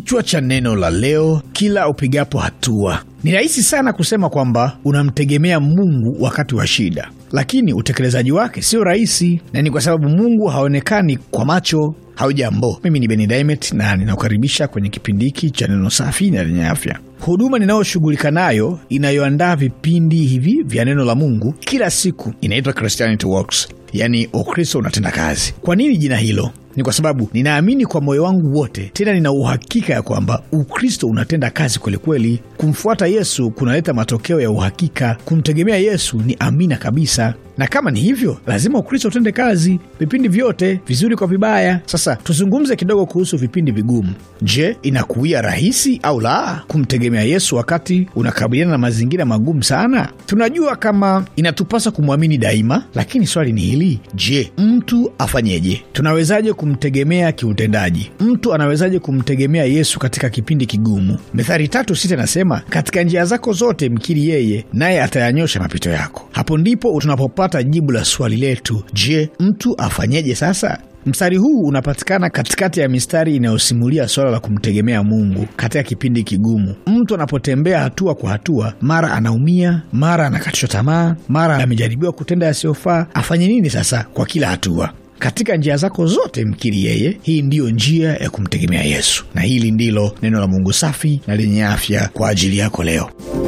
kichwa cha neno la leo, kila upigapo hatua. Ni rahisi sana kusema kwamba unamtegemea Mungu wakati wa shida, lakini utekelezaji wake sio rahisi, na ni kwa sababu Mungu haonekani kwa macho. Haujambo, mimi ni Beni Dimet na ninakukaribisha kwenye kipindi hiki cha neno safi na lenye afya. Huduma ninayoshughulika nayo inayoandaa vipindi hivi vya neno la Mungu kila siku inaitwa Christianity Works, yaani Ukristo unatenda kazi. Kwa nini jina hilo? ni kwa sababu ninaamini kwa moyo wangu wote, tena nina uhakika ya kwamba Ukristo unatenda kazi kwelikweli. Kumfuata Yesu kunaleta matokeo ya uhakika. Kumtegemea Yesu ni amina kabisa, na kama ni hivyo, lazima Ukristo utende kazi vipindi vyote, vizuri kwa vibaya. Sasa tuzungumze kidogo kuhusu vipindi vigumu. Je, inakuia rahisi au la kumtegemea Yesu wakati unakabiliana na mazingira magumu sana? Tunajua kama inatupasa kumwamini daima, lakini swali ni hili: je, mtu afanyeje? Tunawezaje kumtegemea kiutendaji. Mtu anawezaje kumtegemea Yesu katika kipindi kigumu? Methali tatu sita inasema katika njia zako zote mkiri yeye, naye atayanyosha mapito yako. Hapo ndipo tunapopata jibu la swali letu, je, mtu afanyeje sasa? Mstari huu unapatikana katikati ya mistari inayosimulia swala la kumtegemea Mungu katika kipindi kigumu. Mtu anapotembea hatua kwa hatua, mara anaumia, mara anakatishwa tamaa, mara amejaribiwa kutenda yasiyofaa. Afanye nini sasa kwa kila hatua? katika njia zako zote mkiri yeye. Hii ndiyo njia ya kumtegemea Yesu, na hili ndilo neno la Mungu safi na lenye afya kwa ajili yako leo.